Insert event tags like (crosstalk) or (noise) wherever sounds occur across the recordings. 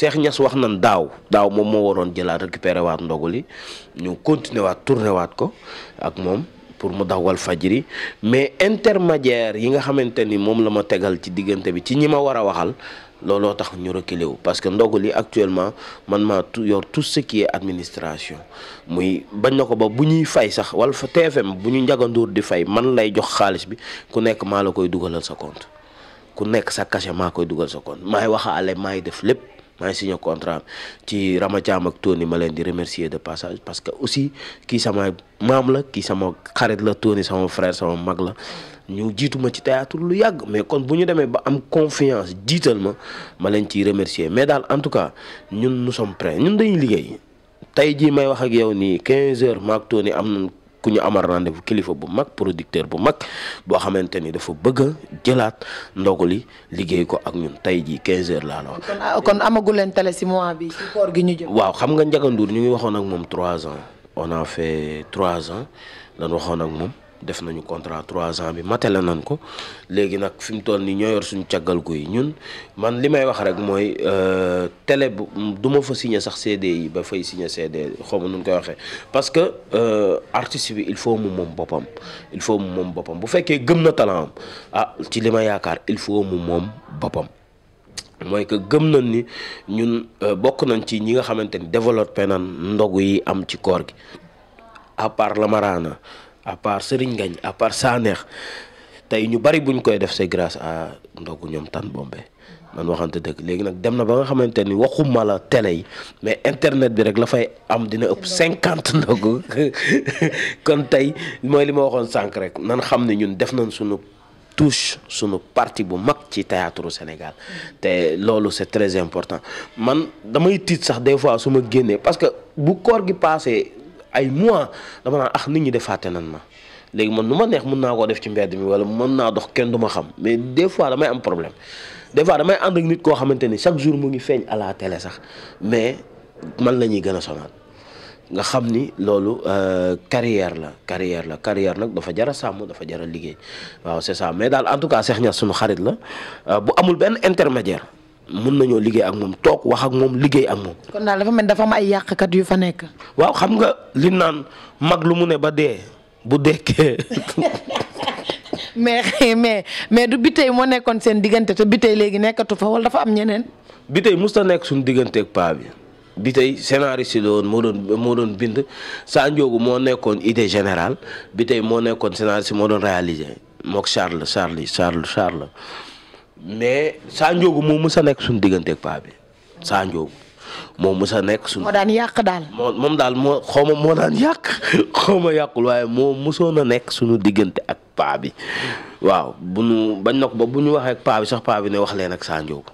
Cheikh Niass wax nan daaw daaw moom moo waroon jëlaat récupéré waat ndogu li ñu continuer waat tourné waat ko ak moom pour mu dax Walfadjri mais intermédiaire yi nga xamante ni moom la ma tegal ci diggante bi ci ñi ma war a waxal looloo tax ñu reculer wu parce que ndogu li actuellement man maa tu yor tout ce qui est administration muy bañ na ko ba bu ñuy fay sax Walf TFM bu ñu njaganduur di fay man lay jox xaalis bi ku nekk maa la koy dugalal sa compte ku nekk sa cachet maa koy dugal sa compte maay waxaale maay def lépp. maa ngi signé contrat ci Rama Thiam ak ma leen di remercier de passage parce que aussi kii sama maam la kii sama xarit la Tony sama frère sama mag la ñu jiitu ma ci théâtre lu yàgg mais kon bu ñu demee ba am confiance jiital ma ma leen ci remercier mais daal en tout cas ñun nous sommes prêts ñun dañu liggéey tey jii may wax ak yow nii 15 heures maag Tony am nañ ku ñu amal rendez-vous kilifa bu mag producteur bu mag boo xamante ni dafa bëgg a jëlaat ndogali liggéey ko ak ñu tey jii quinze heures laa la wax. kon ah, amagu leen tele ci mois bi gi ñu jëm. waaw xam nga Ndiaga Ndour ñu ngi waxoon ak moom trois ans on a fait 3 ans dañ waxoon ak moom. def nañu contrat trois ans bi matale nañ ko léegi nag fi mu toll nii ñoo yor suñu càggal guy ñun man li may wax rek mooy euh, télé bu du fa signé sax CD yi ba fay signé CD xawma nu ñu koy waxee parce que euh, artiste bi il faut mu moom boppam il faut moom boppam bu fekkee gëm na talent ah ci li ma yaakaar il faut mu moom boppam. mooy que gëm na ni ñun euh, bokk nañ ci ñi nga xamante ni développé nan ndogu yi am ci koor gi à part la à part Serigne Ngagne à part Sanex tey ñu bari buñ koy def c'est grâce à ndogu ñoom Tan Bombe man waxante dëgg léegi nag dem na ba nga xamante ni waxuma la télé yi mais internet bi rek la fay am dina ëpp cinquante ndogu (laughs) kon tey mooy li ma waxoon sànq rek nan xam ne ñun def nañ suñu touche sunu partie bu mag ci théâtre Sénégal te loolu c'est très important man damay tiit sax des fois su ma génnee parce que bu koor gi passé ay mois dama naan ax ah, nit ñi defaate nan ma léegi man nu ma neex mun naa koo def ci mbedd mi wala mën naa dox kenn du ma xam mais des fois damay am problème des fois damay ànd ak nit koo xamante ni chaque jour mu ngi feeñ à la télé sax mais man la ñuy gën a sonal nga xam ni loolu euh, carrière la carrière la carrière nag dafa jar a sàmm dafa jar a liggéey waaw c'est ça mais daal en tout cas Cheikh Niass sunu xarit la euh, bu amul benn intermédiaire mun nañoo liggéey ak moom toog wax ak moom liggéey ak moom. kon daal dafa mel dafa am ay yàqkat yu fa nekk. waaw xam nga li naan mag lu mu ne ba dee bu dekkee. (laughs) mais mais mais du bitey moo nekkoon seen diggante te bitey léegi nekkatu fa wala dafa am ñeneen. bitey mosut a nekk suñu digganteeg paa bi bitey scénariste la woon moo doon moo doon bind Sa Ndiogou moo nekkoon idée générale bitey moo nekkoon scénariste moo doon réalisé mook Charles Charles Charles Charles. mais saa njoogu moo mës a nekk suñu digganteeg paa bi saa njoogu moo mës nekk suñu. moo daan yàq daal. moo moom daal moo xaw ma moo daan (laughs) xaw ma yàqul waaye moo mësoon a nekk suñu diggante ak paa bi waaw bu nu bañ na ba bu ñu waxee ak paa bi sax paa bi ne wax leen ak saa njoogu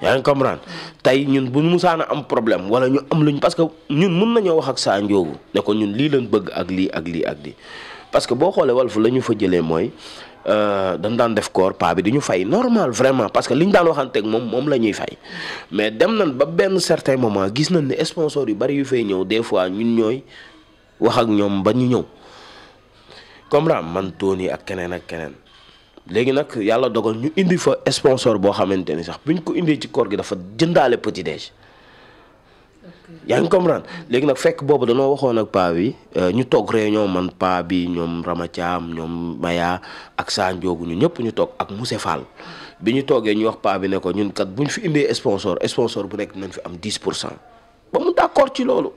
yaa ngi comprendre tey ñun bu ñu na am problème wala ñu am ñu parce que ñun mun nañoo wax ak saa njoogu ne ko ñun lii leen bëgg ak lii ak lii ak lii parce que boo xoolee Walf la ñu fa jëlee mooy Euh, dañ daan def koor paa bi di ñu fay normal vraiment parce que li ñu daan waxanteeg moom moom la ñuy fay mais dem nañ ba benn certain moment gis nañ ne sponsor yu bari yu fay ñëw des fois ñun ñooy wax ak ñoom ba ñu ñëw comme ram man Tony ak keneen ak keneen. léegi nag yàlla dogal ñu indi fa sponsor boo xamante ni sax bu ñu ko indee ci koor gi dafa jëndaale petit déj yaa ngi comprendre léegi nag fekk boobu danoo waxoon ak paa bi euh, ñu toog réunion man paa bi ñoom Ramatiam ñoom Maya ak Sa Ndiogou ñu ñëpp ñu toog ak Mousse Fall bi ñu toogee ñu wax paa bi ne ko kat bu ñu fi indee sponsor sponsor bu nekk nañ fi am 10 pour cent ba mu d'accord ci loolu.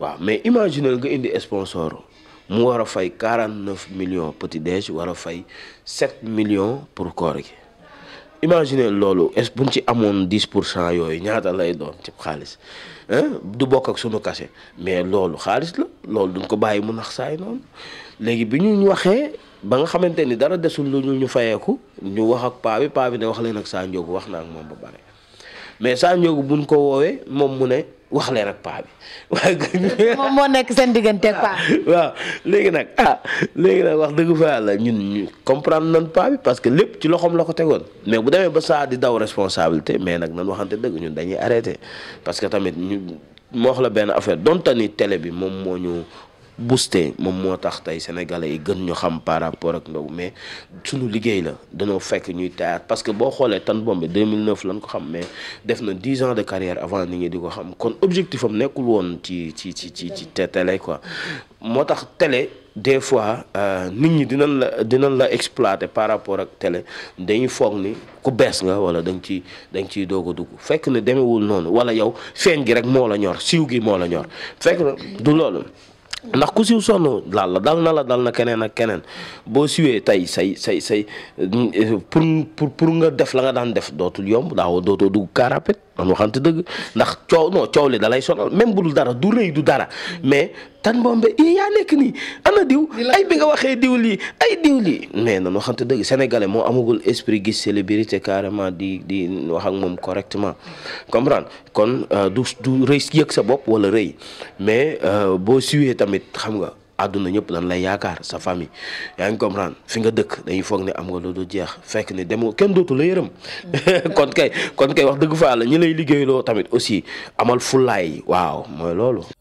waaw mais imaginer nga indi sponsor mu war a fay 49 millions petit déj war a fay 7 millions pour koor gi. imagine loolu est buñ ci amoon dix pour cent yooyu ñaata lay doon ci xaalis du bokk ak sunu kase mais loolu xaalis la loolu duñ ko bàyyi mu nax saay noonu léegi bi ñu waxee ba nga xamante ni dara desul lu ñu ñu fayeeku ñu wax ak paa bi paa bi ne wax leen ak saa njóogu wax naa ak moom ba bare mais saa njóogu buñ ko woowee moom mu ne wax leen ak paa bi. moom moo nekk seen digganteeg paa. waaw léegi nag ah léegi nag wax dëgg fa yàlla ñun ñu comprendre nan paa parce que lépp ci loxoom la ko tegoon mais bu demee ba saa di daw responsabilité mais nag nan waxante dëgg ñun dañuy arrêté parce que tamit ñu moo wax la benn affaire donte ni télé bi moom moo ñu boosté moom moo tax tey sénégalais yi gën ñu xam par rapport ak ndaw mais sunu liggéey la dañoo fekk ñuy théâtre parce que boo xoolee Tan Bombe 2009 lañ ko xam mais def na 10 ans de carrière avant nit di ko xam kon objectif am nekkul woon ci ci ci ci ci télé quoi moo tax télé des fois euh, nit ñi dinañ la dinañ la exploiter par rapport ak télé dañuy foog ni ku bees nga wala dañ ci ciy ciy doog a dugg fekk na demewul noonu wala yow feeñ gi rek moo la ñor siw gi moo la ñor fekk na du loolu. ndax ku siw sonn daal la dal na la dal na keneen ak keneen boo siwee tey say say say pour pour pour nga def la nga daan def dootul yomb daaw dootoo dugg car rapide man waxante dëgg ndax coow non coow li da lay sonal même bu dara du rey du dara mm. mais tan bombe i yaa nekk nii diw ay bi waxee diw lii ay diw lii mais noonu dëgg sénégalais moo amagul esprit gis célébrité carrément di di wax ak moom correctement comprendre kon euh, du du rëy yëg sa bopp wala rëy mais euh, boo siwee tamit xam nga àdduna ñëpp lan lay yaakaar sa famille yaa ngi comprendre fi nga dëkk dañuy foog ne am nga loolu jeex fekk ne demoo kenn dootu la yërëm (laughs) kon kay kon kay wax dëgg fa la ñi lay liggéeyloo tamit aussi amal fulaay waaw mooy loolu.